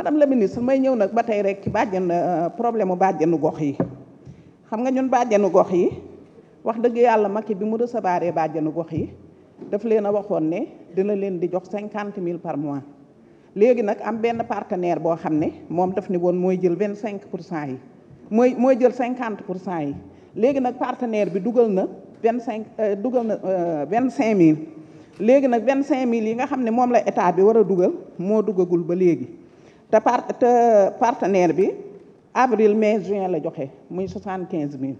madame la ministre may ñëw nag ba tey rek ci bàjjen euh, problème mu bàjjenu gox yi xam nga ñun bàjjenu gox yi wax dëgg yàlla Macky bi mu baaree bàjjenu gox yi daf leen a waxoon ne dina leen di jox cinquante mille par mois léegi nag am benn partenaire boo xam ne moom daf ni woon mooy jël vingt cinq pour cent yi mooy mooy jël cinquante pour cent yi léegi nag partenaire bi dugal na vingt cinq euh, dugal na euh, vingt cinq mille léegi nag vingt cinq mille yi nga xam ne moom la état bi war a dugal moo dugagul ba léegi te par te partenaire bi avril mais juin la joxe muy soixante quinze mille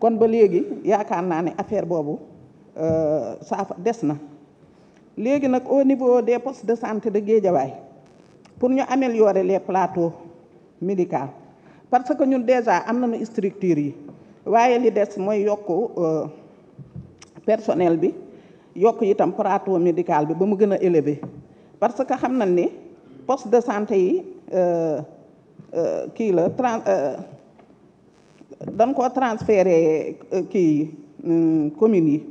kon ba léegi yaakaar naa ne affaire boobu saafa euh, des na léegi nag au niveau des postes de santé de Guédiawaye pour ñu améliorer les plateaux médicaux parce que ñun déjà am na nañu structure yi waaye li des mooy yokk euh, personnel bi yokk itam plateau médical bi ba mu gën a élevé parce que xam nañ ni poste de santé yi euh, euh, kii la trans euh, dañ ko transféré kii hmm, communes yi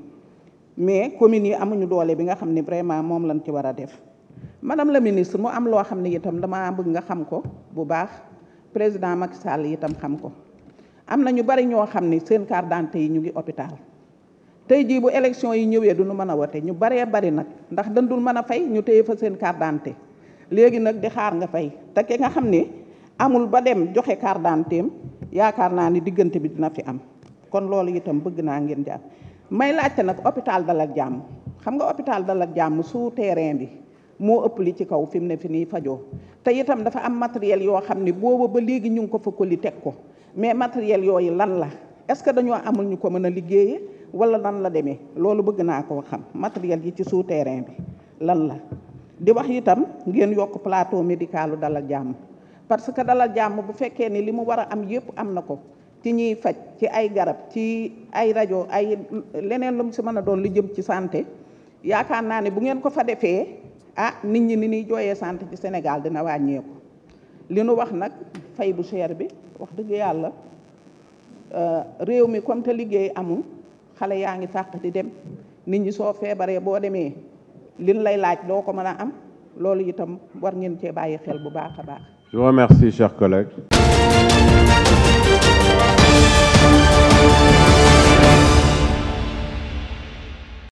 mais communes yi amuñu doole bi nga xam ne vraiment moom lañ ci war a def madame la ministre mu am loo xam ne itam dama bëgg nga xam ko bu baax président Macky Sall itam xam ko am na ñu bari ñoo xam ne seen carte yi ñu ngi hôpital tey jii bu élection yi ñëwee du ñu mën a wote ñu baree bari nag ndax dan dandul mën a fay ñu téye fa seen carte d'identité léegi nag di xaar nga fay te ki nga xam ne amul ba dem joxe carte d'identité am yaakaar naa ni diggante bi dina fi am kon loolu itam bëgg naa ngeen jàpp may laajte nag hôpital Dalal Jàmm xam nga hôpital Dalal Jàmm sous terrain bi moo ëpp li ci kaw fi mu ne fi nii fajoo te itam dafa am matériel yoo xam ni booba ba léegi ñu ngi ko fa ko li teg ko mais matériel yooyu lan la est-ce que dañoo amul ñu ko mën a liggéeye wala lan la demee loolu bëgg naa koo xam matériel yi ci sous terrain bi lan la di wax itam ngeen yokk plateau médicalu dalal jàmm parce que dalal jàmm bu fekkee ni li mu war a am yépp am na ko ci ñuy faj ci ay garab ci ay rajo ay leneen lu si mën a doon li jëm ci santé yaakaar naa ne bu ngeen ko fa defee ah nit ñi ni ñuy jooyee santé ci Sénégal dina wàññeeku li nu wax nag fay bu cher bi wax dëgg yàlla euh, réew mi comme te liggéey amul xale yaa ngi tàq di dem nit ñi soo feebaree boo demee lin lay laaj doo ko mën a am loolu itam war ngeen cee bàyyi xel bu baax a baax. je merci remercie chers collègues.